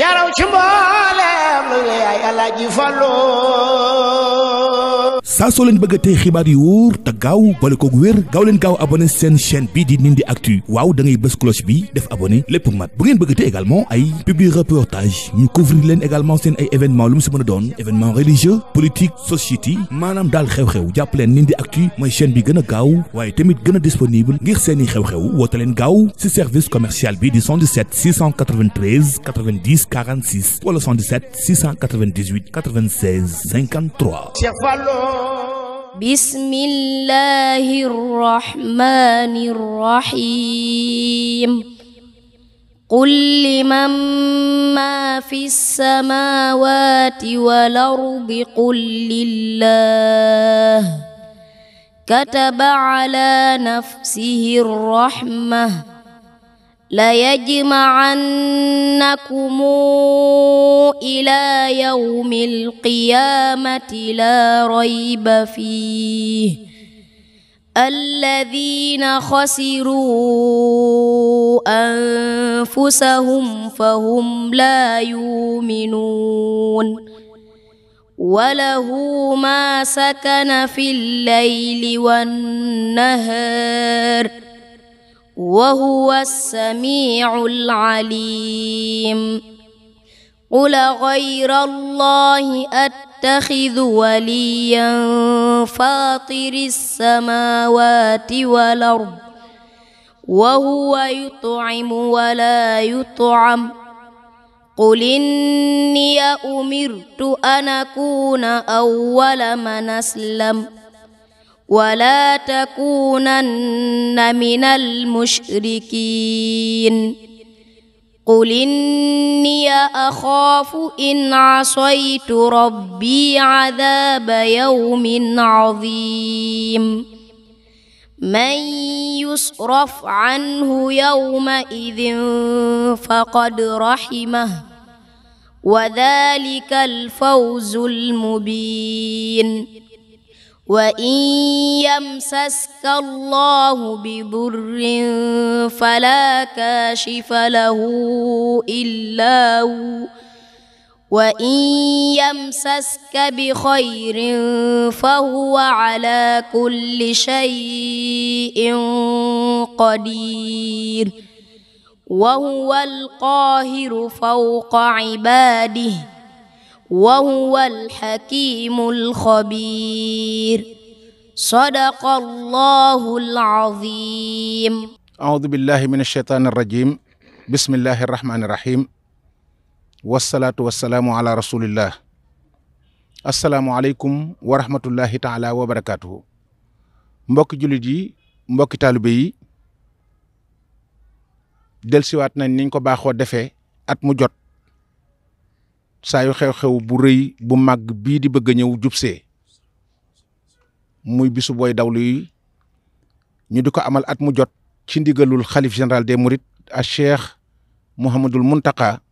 yaraw ci mbooleem lu yaay Alaaji Fallu saa soo leen bëgg tey xibaar yu wóor gaaw boole koog wér gaaw leen gaaw abonné seen chaîne bii di Ndindy Actu waaw da ngay bës cloche bi def abonné lépp mat bu ngeen bëgg a tey également ay publi reportage ñu couvrir leen également seen ay événement lu si mën a doon événement religieux politique société maanaam daal xew-xew jàpp leen Ndindy Actu mooy chaîne bi gën a gaaw waaye tamit gën a disponible ngir seen i xew-xew woote leen gaaw si service commercial bi di 77 693 90 46 wala 77 698 96 53. Cheikh Fallo. bismillaahi rahmaani rahiim qul liman maa fi samaawaati wal ardi qul lillaah kataba alaa nafsihi rahmah la yajmacannakum ilaa yawmi alqiyaamati laa rayba fiih alladiina xasiruu anfusahum fahum laa yuuminuun walahu maa sakana fi llayli wannahaar wa huwa samiicul aliim qul gayra allaahi attaxidu waliyan faatiri samaawaati wal ard wa huwa yutcimu wa laa yutcam qul innii umirtu an akuuna awwala man aslama wala takunanna minal mushrikin qul inni axaafu in asaytu rabbi cadaaba yawmin caziim man yusraf canhu yawma idin faqad raximahu wa daalika alfawzu almubiin وإن يمسسك الله بضر فلا كاشف له إلا هو وإن يمسسك بخير فهو على كل شيء قدير وهو القاهر فوق عباده wa huwa alxakimu alxabir sadaqa allahu alazim aoudu min alcheytaani arrajim bismillahi arrahmani irrahim mbokki jullit mbokki taalibe yi delsiwaat nañ niñ ko baaxoo defee at mu jot saayu xew-xew bu rëy bu màgg bii di bëgg a ñëw jubsee muy bisu booy daw yi ñu di ko amal at mu jot ci ndigalul xalif général des mourides a cheikh mouhamadul muntaka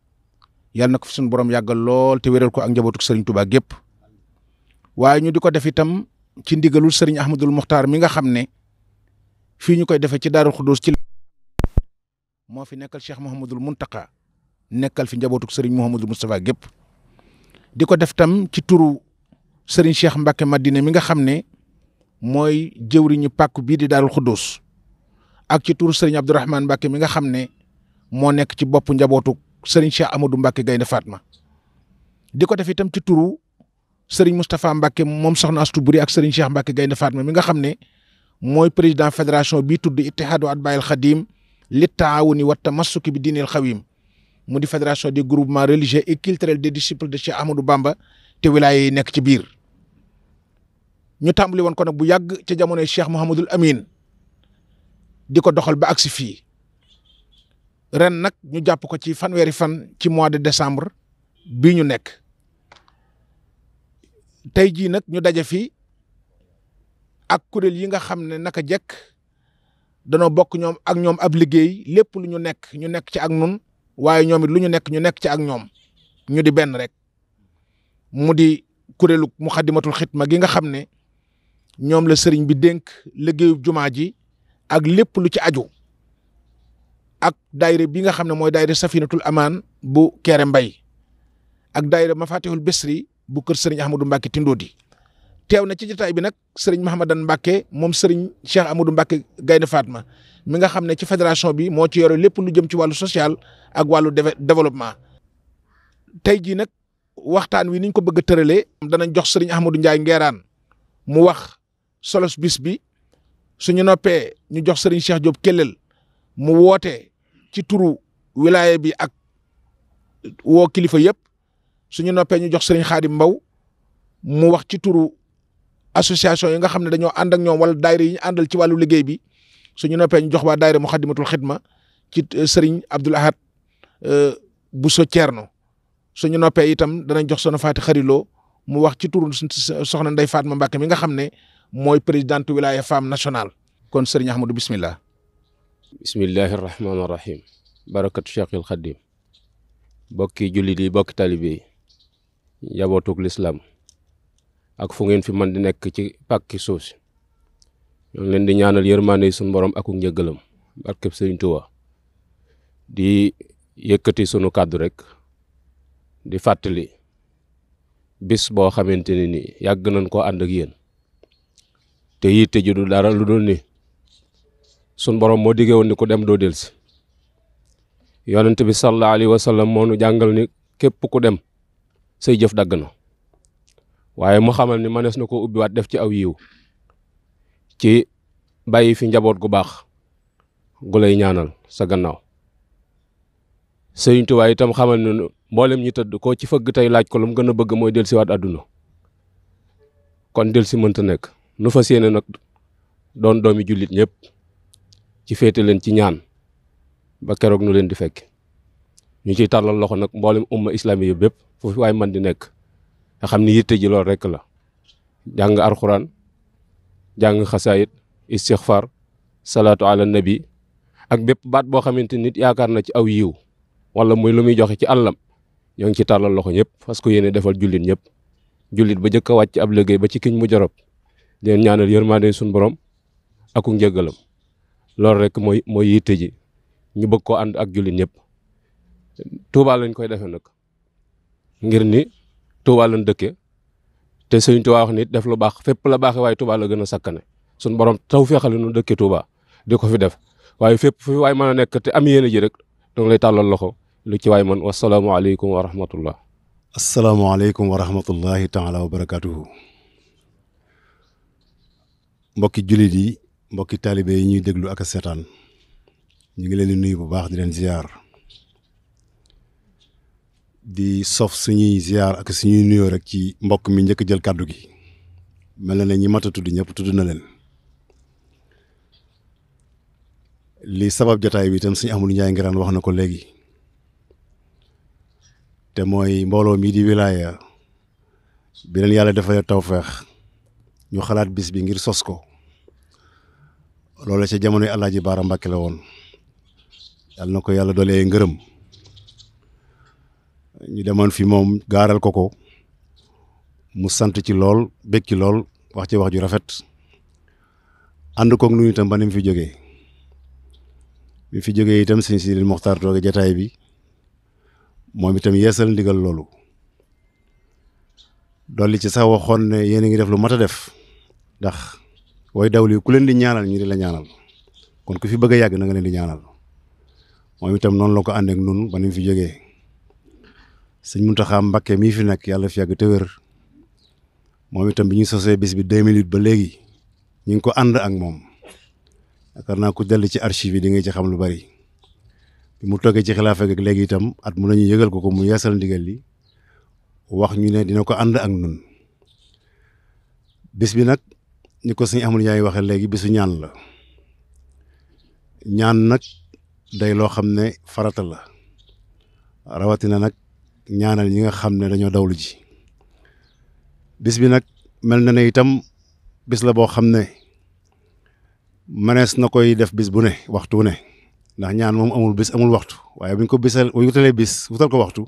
yàlla na ko fi suñu borom yàggal lool te wéral ko ak njabootuk sëriñ Touba gépp waaye ñu di ko def itam ci ndigalul sëriñ ahmadul muxtaar mi nga xam ne fii ñu koy defee ci daarul xudus ci moo fi nekkal cheikh mouhamadul muntaka nekkal fi njabootuk sëriñ mouhamadul moustapha gépp di ko def tam ci turu Serigne Cheikh Mbacke Madina mi nga xam ne mooy jëwriñu pàkk bii di Daarul Xuddoos ak ci turu Serigne Abdourahmane Mbacke mi nga xam ne moo nekk ci boppu njabootu Serigne Cheikh Amadou Mbacke Gaynde Fatma di ko def itam ci turu Serigne Moustapha Mbacke moom soxna Astou Buri ak Serigne Cheikh Mbacke Gaynde Fatma mi nga xam ne mooy président fédération bii tudd Ittihaadu Atbaayil Xadiim li taawuni wa tamassuki bi diinil xawiim mu di fédération des groupement religieux et culturels de disciples de Cheikh Ahmadou Bamba te wilaya nekk ci biir ñu tàmbali woon ko nag bu yàgg ca jamonoy Cheikh Mouhamadul Amin di ko doxal ba aksi fii ren nag ñu jàpp ko ci fanweeri fan ci mois de décembre bii ñu nekk tey jii nag ñu daje fii ak kuréel yi nga xam ne naka jekk danoo bokk ñoom ak ñoom ab liggéey lépp lu ñu nekk ñu nekk ci ak nun waaye ñoom it lu ñu nekk ñu nekk ci ak ñoom ñu di benn rek mu di kuréelu Muxaddamatul Xidma gi nga xam ne ñoom la sëriñ bi dénk liggéeyu jumaa ji ak lépp lu ci aju ak daayira bi nga xam ne mooy daayira Safinatul Amaan bu Kéré Mbay ak daayira Mafatihul Bisri bu kër sëriñ Ahmadou Mbacke Tindodi teew na ci jotaay bi nag sëriñ Mahamadan Mbacke moom sëriñ Cheikh Amadou Mbacke Gaynde faatma mi nga xam ne ci fédération bi moo ci yore lépp lu jëm ci wàllu social ak wàllu développement. tey jii nag waxtaan wi niñ ko bëgg a danañ jox sëriñ Ahmadou Ndiaye Nguerane mu wax solos bis bi suñu noppee ñu jox sëriñ Cheikh Diop Kellel mu woote ci turu wilaya bi ak woo kilifa yëpp suñu noppee ñu jox sëriñ Xaadim Mbaw mu wax ci turu association yi nga xam ne dañoo ànd ak ñoom wala daayira yi ñu àndal ci wàllu liggéey bi. suñu noppee ñu jox waa daayira Muxaddamatul Xidma ci euh, sëriñ Abdul Ahad euh, Bousso Thierno suñu noppee itam danañ jox soxna Faati Xariloo mu wax ci turu soxna Ndey ma Mbàkke mi nga xam ne mooy présidente wilaya femme nationale kon sëriñ Ahmadou bismillah bismillahi rahmaani rahim barakatu Cheikhul Xadim bokki jullit yi bokki talibe yi yabootug lislaam ak fu ngeen fi mën di nekk ci pàkki suuf ñoo leen di ñaanal yërmande suñu borom ak njëggalam barkeb Sëriñ Tuubaa di yëkkati sunu kàddu rek di fàttali bis boo xamante ne ni yàgg nañ koo ànd ak yéen te yitte ju du dara lu dul ni sunu borom moo diggee woon ni ku dem doo delsi yonent bi sallallahu alayhi wa sallam moo nu jàngal ni képp ku dem say jëf dagg na waaye mu xamal ni mënees na koo ubbiwaat def ci aw yiw ci bàyyi fi njaboot gu baax gu lay ñaanal sa gannaaw sëriñ Tuubaa itam xamal ne mboolem ñi tëdd koo ci fëgg tey laaj ko lu mu gën a bëgg mooy del siwaat àdduna kon del si mënta nekk nu fas yéene nag doon doomi jullit ñëpp ci féete leen ci ñaan ba keroog nu leen di fekk ñu ciy tàllal loxo nag mboolem umma islami yi bépp foofu waay man di nekk nga xam ni yitte ji loolu rekk la jàng alxuraan jàng xasaayit istixfar salaatu ala nabi ak bépp baat boo xamante nit yaakaar na ci aw yiw wala muy lu muy joxe ci àllam ñoo ngi ci tàllal loxo ñëpp parce que yéene defal jullit ñëpp jullit ba jëkk a wàcc ab liggéey ba ci kiñ mu jorob leen ñaanal yërmaande suñu borom aku njëgalam loolu rek mooy mooy yitte ji ñu bëgg koo ànd ak jullit ñëpp Tuubaa lañ koy defe nag ngir ni Tuubaa lañ dëkke te sëñ Tuubaa wax nit def lu baax fépp la baaxe waaye Tuubaa la gën a sakkane suñ borom taw feexale nu dëkke Tuubaa di ko fi def waaye fépp fi waaye mën a nekk te am yéene ji rek danga lay tàllal loxo lu ci waay man wasalaamaaleykum wa rahmatullah asalaamaaleykum wa rahmatullahi taala wa barakaatuhu mbokki jullit yi mbokki taalibe yi ñuy déglu ak a seetaan ñu ngi leen di nuyu bu baax di leen ziar di sof suñuy ziar ak suñuy nuyoo rek ci mbokk mi njëkk jël kàddu gi mel na ne ñi mat a tudd ñëpp tudd na leen li sabab jataay bi itam suñu amul njaay ngiraan wax na ko léegi te mooy mbooloo mii di wilaaya bi leen yàlla dafay tawfeex ñu xalaat bis bi ngir sos ko loolu ca jamonoy Alaaji Baara Mbàkke la woon yàlla na ko yàlla dolee ngërëm ñu demoon fi moom gaaral ko ko mu sant ci lool bég ci lool wax ci wax ju rafet ànd kok nu itam ba mu fi joge bi fi jógee itam sëñ Sidi Moxtaar tooge jataay bi moom itam yeesal ndigal loolu li ci sax waxoon ne yéen a ngi def lu mat a def ndax way dawli ku leen di ñaanal ñu di la ñaanal kon ku fi bëgg a yàgg na nga leen di ñaanal moom itam noonu la ko ànd ak nun ba mu fi jógee sëñ Muntaxa Mbakke mii fi nekk yàlla fi yàgg te moom itam bi ñu sosee bis bi 2008 ba léegi ñu ngi ko ànd ak moom yaakaar naa ku dellu ci archive yi di nga ci xam lu bari mu toggee ci xilaafa gi léegi itam at mu nañu yëgal ko ko mu yeesal ndigal li wax ñu ne dina ko ànd ak nun bis bi nag ni ko sëñ amul yaay waxee léegi bisu ñaan la ñaan nag day loo xam ne farata la rawatina nag ñaanal ñi nga xam ne dañoo dawlu ji bis bi nag mel na ne itam bis la boo xam ne mënees na koy def bis bu ne waxtu ne ndax ñaan moom amul bis amul waxtu waaye buñ ko bisal buñ talee bis wutal ko waxtu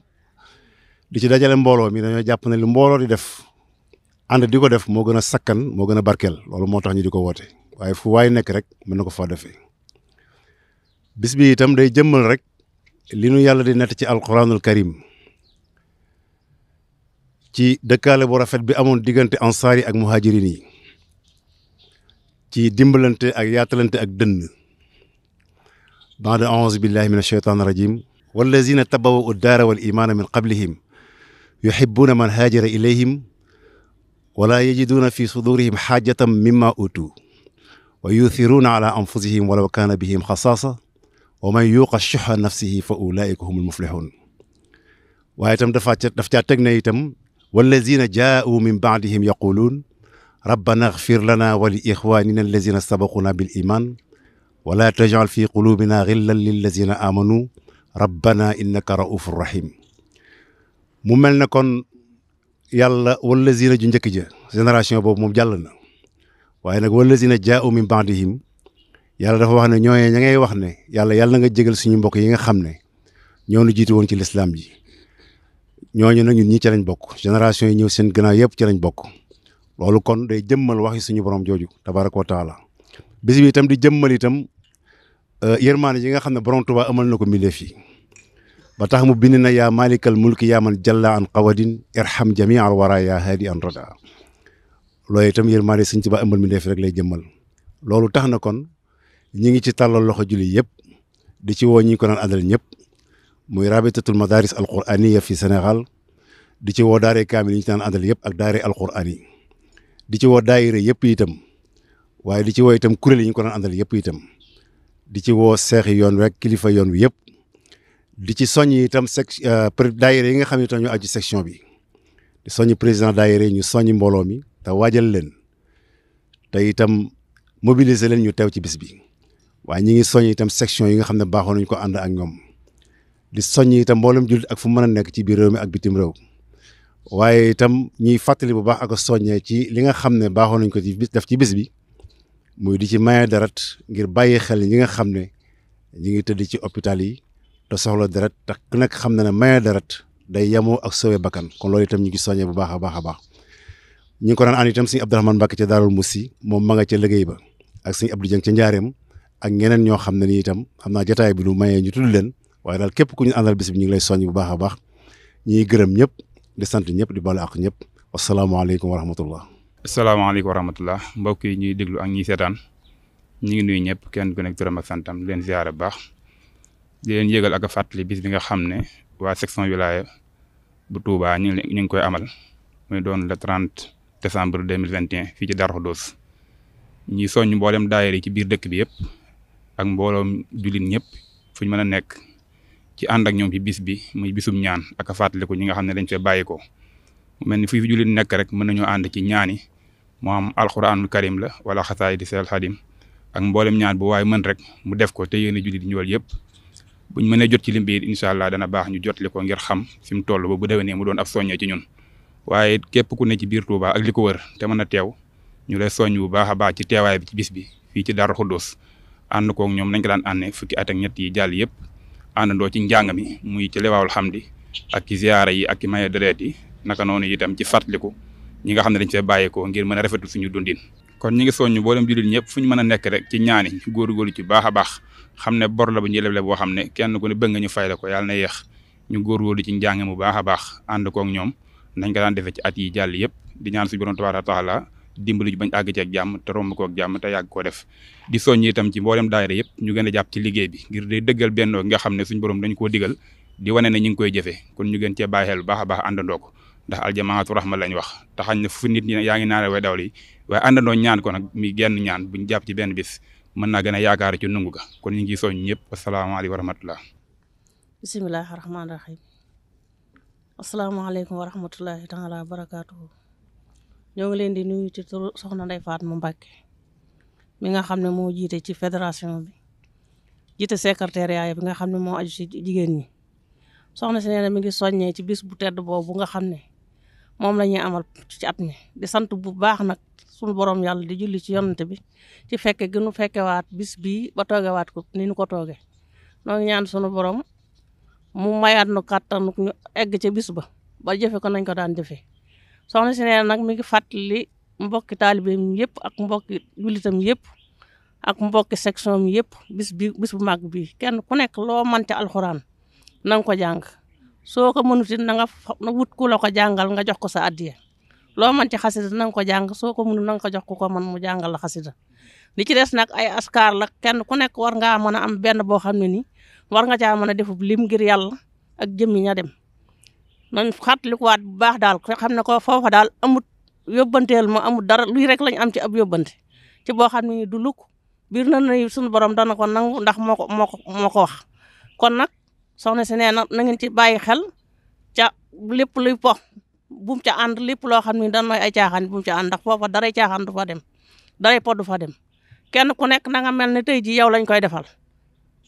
di ci dajale mbooloo mi dañoo jàpp na lu mbooloo di def ànd di ko def moo gën a sakkan moo gën a barkeel loolu moo tax ñu di ko woote waaye fu waay nekk rek mën na ko faa defee bis bi itam day jëmmal rek li nu yàlla di nett ci alquranul karim ci dëkkaale bu rafet bi amoon diggante ansaar yi ak muhajirin yi ci dimbalante ak yaatalante ak dënn baada aouzu billahi min asheytaan rajim wallazina tabawa uddaara wal imaana min qablihim yuhibuuna man haajara ilayhim wala yajiduuna fi sudurihim xaajatan mimma utu wa yuthiruuna ala anfusihim walaw kaana bihim xasaasa wa man yuuqa shuxa nafsihi fa ulaika humul muflixuun waaye itam dafa daf caa teg na itam wallazina jaa'u min baadihim yaquluun rabbana agfir lana wa li ixwanina allazina sabaquna bil iman wala tajal fi qulubina xillan li amanu rabbana innaka raufun rahim mu mel ne kon yàlla wallazina ju njëkk ja génération boobu moom jàll na waaye nag wallazina jaa'u min baadihim yàlla dafa wax ne ñooñee ña ngay wax ne yàlla yàlla na nga jégal suñu mbokk yi nga xam ne ñoo nu jiitu ci lislaam ji ñooñu nag ñun ñii ci bokk génération yi ñëw seen gannaaw yëpp ci lañ bokk loolu kon day jëmmal waxi suñu borom jooju tabaraka wa taala bis bi itam di jëmmal itam euh, yërmaane yi nga xam ne borom Tuubaa amal na ko mbindeef yi ba tax mu bind na yaa malikal mulki yaa man jalla an qawadin irham jami al wara yaa haadi an rada loolu itam yërmaane rek lay jëmmal loolu tax na kon ñi ngi ci tàllal loxo julli yëpp di ci woo ñi ko naan àndal ñëpp muy rabitatul madaris alquraniya fi Sénégal di ci woo daaree kaamil yi ñu daan àndal yëpp ak daaree alquraan yi di ci woo daayira yëpp itam waaye di ci woo itam kuréel yi ñu ko daan àndal yëpp itam di ci woo seexi yoon rek kilifa yoon wi yëpp di ci soññ itam sec euh, daayira yi nga xam ne itam ñu bi di président daayira yi ñu soññ mbooloo mi te waajal leen te itam leen ñu teew ci bis bi waaye ñi ngi soññ itam section yi nga xam ne baaxoon nañu ko ànd ak ñoom di soññ itam mboolem jullit ak fu mën a nekk ci biir réew mi ak bitim réew waaye itam ñuy fàttali bu baax ak a soññee ci li nga xam ne baaxoon nañ ko ci bis def ci bis bi muy di ci maye deret ngir bàyyi xel ñi nga xam ne ñi ngi tëdd ci hôpital yi te soxla deret te ku xam na ne maye deret day yemoo ak sauver bakkan kon loolu ñu ngi soññee bu baax a baax a baax ñu ngi ko daan ànd itam sëñ Abdourahmane Mbacke ca Daarul Moussi moom ma nga ca liggéey ba ak sëñ Abdou Dieng ca Njaareem ak ñeneen ñoo xam ne nii itam xam naa jotaay bi lu mayee ñu leen waaye daal képp ku ñu àndal bis bi ñu ngi lay soññ bu baax a baax ñuy gërëm ñëpp di sant ñëpp di balu ak ñëpp wasalaamaaleykum wa rahmatullah asalaamaaleykum wa rahmatullah mbokk yi ñuy déglu ak ñiy seetaan ñu ngi nuyu ñëpp kenn ku nekk turam ak santam di leen ziare bu baax di leen yëgal ak a fàttali bis bi nga xam ne waa section wilaya bu Touba ñu ngi ñu ngi koy amal muy doon le 30 décembre 2021 fii ci Darou dos ñuy soññ mboolem daayira ci biir dëkk bi yëpp ak mbooloom jullit ñëpp fu ñu mën a nekk ci ànd ak ñoom ci bis bi muy bisum ñaan ak a fàttaliku ñi nga xam ne dañ fee bàyyi ko mu mel ni fu fi jullit nekk rek mën nañoo ànd ci ñaani mu am alxuraanul karim la wala xasaay di seel xadim ak mboolem ñaan bu waaye mën rek mu def ko te yéen a jullit ñool yëpp buñ mënee jot ci lim bi incha allah dana baax ñu jotli ko ngir xam fi mu toll ba bu déwénee mu doon ab soññee ci ñun waaye képp ku ne ci biir Touba ak li ko wër te mën a teew ñu lay soññ bu baax a baax ci teewaay bi ci bis bi fii ci Darou Khoudoss ànd koog ñoom nañ ko daan àndee fukki at ak ñett yi jàll yëpp àndandoo ci njàng mi muy ci lewaawul xamdi ak ci ziyaara yi ak ci maye deret yi naka noonu yitam ci fàttaliku ñi nga xam ne dañ fee bàyyeekoo ngir mën a rafetu suñu dundin kon ñi ngi soññ boolem jullit ñëpp fu ñu mën a nekk rek ci ñaani góorgóorlu ci baax a baax xam ne bor la bu ñuy leble boo xam ne kenn ku ne bëgg nga ñu fay ko yàlla na yeex ñu góorgóorlu ci njàng mu baax a baax ànd koog ñoom nañ ko daan defee ci at yi jàll yëpp di ñaan suñu borom tabaaraka taala dimbali bañ àgg ci ak jàmm te romb ko ak jàmm te yàgg koo def di soññ itam ci mboolem daayira yëpp ñu gën a jàpp ci liggéey bi ngir day dëggal bennoo nga xam ne suñu borom dañ koo digal di wane ne ñu ngi koy jëfee kon ñu gën cee bàyyi xel bu baax a baax àndandoo ko ndax aljamaatu rahma lañ wax te xañ na fu nit ñi yaa ngi naane way dawl yi waaye àndandoo ñaan ko nag mi genn ñaan buñ jàpp ci benn bis mën naa gën na yaakaar ci nungu ga kon ñu ngi soññ a asalaamaaleykum wa rahmatullah bismillahi rahmaani rahim asalaamaaleykum wa rahmatullahi taala wa barakaatuhu ñoo ngi leen di nuyu ci turu soxna Ndeye Fatma Mbacké mi nga xam ne moo jiite ci fédération bi jiite secrétariat bi nga xam ne moo aju ci jigéen ñi soxna si nee na mi ngi soññee ci bis bu tedd boobu nga xam ne moom la ñuy amal ci at mi di sant bu baax nag sunu borom yàlla di julli ci yonante bi ci fekke gënu waat bis bii ba toogewaat ko ni nu ko tooge noo ngi ñaan sunu borom mu mayaat nu kàttan ñu egg ca bis ba ba jëfe ko nañ ko daan jëfe soxna si nee nag mi ngi fàttali mbokki taalibeem yëpp ak mbokki jullitam yëpp ak mbokki section yëpp bis bi bu mag bi kenn ku nekk loo mante alxuraan na nga ko jàng soo ko mënut it na nga wut ku la ko jàngal nga jox ko sa addiya loo mante xasida na nga ko jàng soo ko mënut na nga ko jox ku ko mën mu jàngal la xasida li ci des nag ay askar la kenn ku nekk war ngaa mën a am benn boo xam ne nii war nga caa mën a defub lim ngir yàlla ak jëmmi ña dem nañ fàttalikuwaat bu baax daal te xam ne ko foofa daal amut yóbbanteel ma amut dara luy rek lañ am ci ab yóbbante ci boo xam ne du lukk biir na ne suñu borom dana ko nangu ndax moo ko moo ko moo ko wax. kon nag soxna si nee na na ngeen ci bàyyi xel ca lépp luy po bum ca ànd lépp loo xam ne dana ay caaxaan bum ca ànd ndax foofa daray caaxaan du fa dem daray po du fa dem kenn ku nekk na nga mel ne tey jii yow lañ koy defal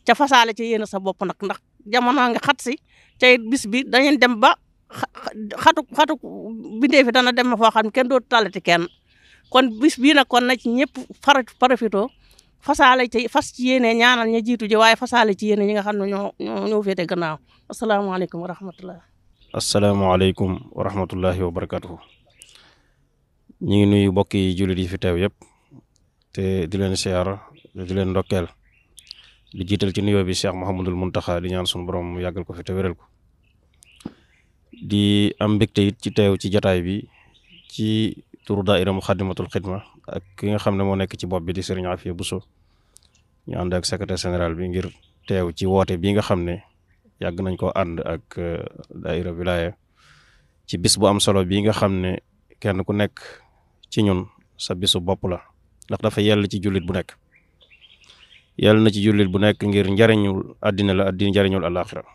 ca fasaale ca yéen sa bopp nag ndax jamono nga xat si ca bis bi dañuy dem ba. xatu xatu bindee fi dana dem foo xam ne kenn dootu talati kenn kon bis bii nag kon na ci ñëpp fara parafito fasaale fas ci yéene ñaanal ña jiitu ji waaye fasaale ci yéene ñi nga xam ne ñoo ñoo féete gannaaw asalaamaaleykum wa rahmatullah asalaamaaleykum wa rahmatullahi wa barakatuhu ñu ngi nuyu mbokki yi fi teew yëpp leen siyaar di leen ndokkeel di jiital ci nuyoo bi Cheikh Mouhamadul Mountakha di ñaan suñu borom mu yàggal ko fi te ko di am mbégte it ci teew ci jotaay bi ci turu daaira Muxaddamatul Xidma ak ki nga xam ne moo nekk ci bopp bi di Serigne Afia Bousso ñu ànd ak secrétaire général bi ngir teew ci woote bi nga xam ne yàgg nañ koo ànd ak euh, daaira wilaya ci bis bu am solo bi nga xam ne kenn ku nekk ci ñun sa bisu bopp la ndax dafa yell ci jullit bu nekk yell na ci jullit bu nekk ngir njariñul àddina la àddina njariñul àllaaxira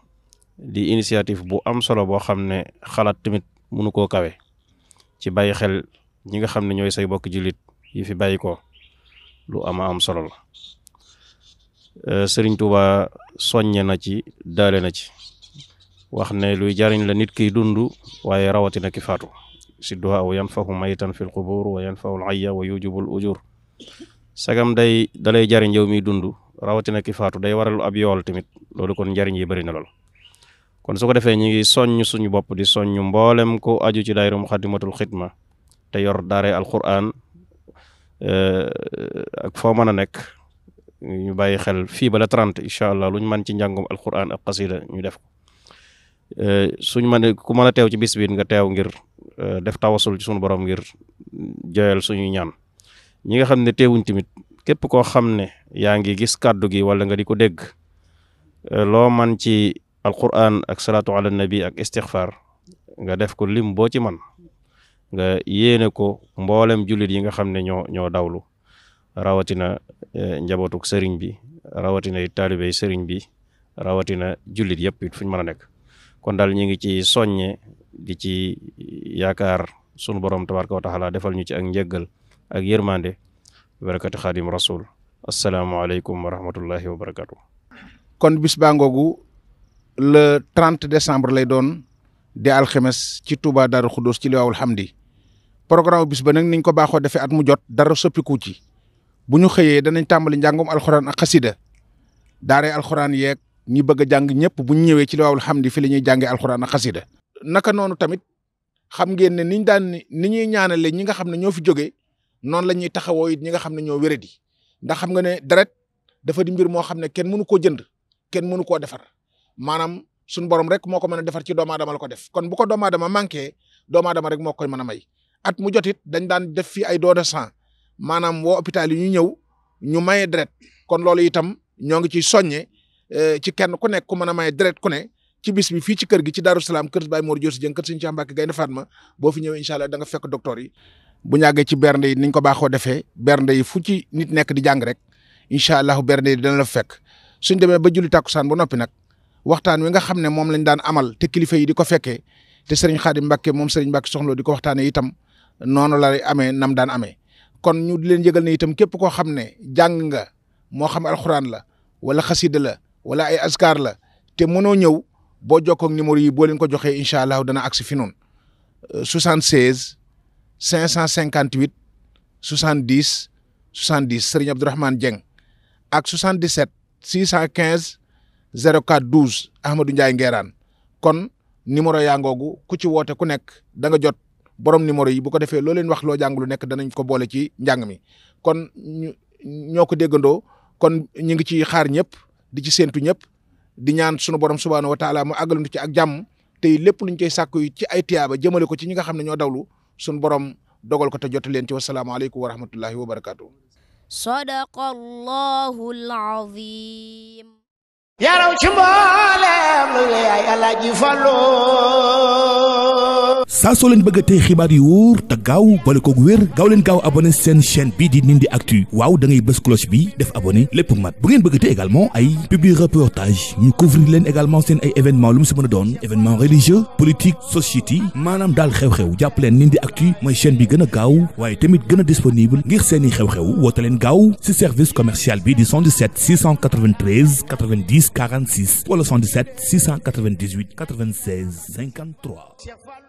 di initiative bu am solo boo xam ne xalaat tamit mënu koo kawe ci bàyyi xel ñi nga xam ne ñooy say bokk jullit yi fi bàyyi ko lu ama am solo la euh, Sëriñ Tuuba soññe na ci daale na ci wax ne luy jariñ la nit kiy dund waaye rawatina ki faatu sidduha aw yanfahu maytan fil qubur wa yanfahu al ayya wa yujibul ujur sagam day dalay jariñ yow miy dund rawatina ki faatu day waral ab yool tamit loolu kon njariñ yi bari na lool kon su ko defee ñu ngi soññ suñu bopp di soññ mboolem ko aju ci daayira Muxaddamatul Xidma te yor daare alquran eh, ak foo mën a nekk ñu bàyyi xel fii bala la 30 allah lu ñu man ci njàngum alquran ak xasida ñu def ko eh, suñ mën ku mën a teew ci bis bi nga teew ngir eh, def tawasul ci suñu borom ngir joyal suñu ñaan ñi nga xam ne teewuñ tamit képp koo xam ne yaa ngi gis kàddu gi wala nga di ko dégg loo man ci alquran ak salaatu ala nabi ak istixfar nga def ko lim boo ci man nga yéene ko mboolem jullit yi nga xam ne ñoo ñoo dawlu rawatina eh, njabootuk sëriñ bi rawatina taalibey sëriñ bi rawatina jullit yëpp it fuñ mën a nekk kon daal ñu ngi ci soññe di ci yaakaar sunu borom tabaraka wa taala defal ñu ci ak njëggal ak yërmande barakati xaadim rasul asalaamaaleykum wa rahmatullahi wa barakatu kon bis baa ngoogu le 30 décembre lay doon di alxemes ci Touba Darou Khoudoss ci Liwaawul Hamdi programme bis ba nag niñ ko baaxoo defee at mu jot dara soppiku ci bu ñu xëyee danañ tàmbali njàngum alxuraan ak xasida daaree alxuraan yeeg ñi bëgg a jàng ñëpp bu ñu ñëwee ci Liwaawul Hamdi fi la ñuy jàngee alxuraan ak xasida naka noonu tamit xam ngeen ne niñ daan ni ñuy ñaanalee ñi nga xam ne ñoo fi jógee noonu la ñuy taxawoo it ñi nga xam ne ñoo wéradi ndax xam nga ne deret dafa di mbir moo xam ne kenn mënu koo jënd kenn mënu koo defar maanaam suñu borom rek moo ko mën a defar ci doomu aadama la ko def kon bu ko doomu aadama manqué doomu aadama rek moo koy mën a may at mu jotit dañ daan def fii ay don de sang maanaam woo hôpital yi ñu ñëw ñu maye deret kon loolu itam ñoo ngi ciy soññe eh, ci kenn ku nekk ku mën a maye deret ku ne ci bis bi fii ci kër gi ci Darou Salaam kër Baye Mor Diop si jën kër Serigne Cheikh Mbacké Gaïndé Fatma boo fi nga fekk docteur yi bu ñu àggee ci bernde yi niñ ko baaxoo defee bernde yi fu ci nit nekk di jàng rek incha allah bernde yi dina la fekk suñ demee ba julli tàkkusaan ba noppi nag waxtaan wi nga xam ne moom lañ daan amal te kilifa yi di ko fekkee te sëriñ Xaadim Mbàkke moom sëriñ Mbàkke soxna di ko waxtaanee itam noonu la amee nam daan amee kon ñu di leen yëgal ne itam képp koo xam ne jàng nga moo xam alxuraan la wala xasida la wala ay askar la te mënoo ñëw boo jokko ak numéro yi boo leen ko joxee incha allah dana agsi fi noonu 76 558 70 70 Serigne Abdourahmane Dieng ak 77 615. 04 12 Ahmadou Ndiaye Nguerane kon numéro yaa ngoogu ku ci woote ku nekk da nga jot borom numéro yi bu ko defee loo leen wax loo jàng lu nekk danañ ko boole ci njàng mi kon ñoo ko déggandoo kon ñu ngi ci xaar ñëpp di ci séentu ñëpp di ñaan sunu borom subhaanahu wa taala mu àggalantu ci ak jàmm tey lépp luñ koy sàkku yi ci ay tiyaaba jëmale ko ci ñi nga xam ne ñoo dawlu sunu borom dogal ko te jot leen ci wasalaamaaleykum wa rahmatullahi wa barakaatu. sadaqallahul azim. yaraw ci mboolem lu yaay Alaaji Fallu saa soo leen bëgg a tey xibaar yu wóor te gaaw boole koog wér gaaw gaaw abonné seen chaîne bii di Ndindy Actu waaw da ngay bës cloche bi def abonné lépp mat bu ngeen bëgg te également ay publi reportage ñu couvrir leen également seen ay événement lu mu si mën a doon événement religieux politique société maanaam daal xew-xew jàpp leen Ndindy Actu mooy chaîne bi gën a gaaw waaye tamit gën a disponible ngir seeni xew-xew woote leen gaaw si service commercial bi di 77 693 10 46 wala 77 698 96 53.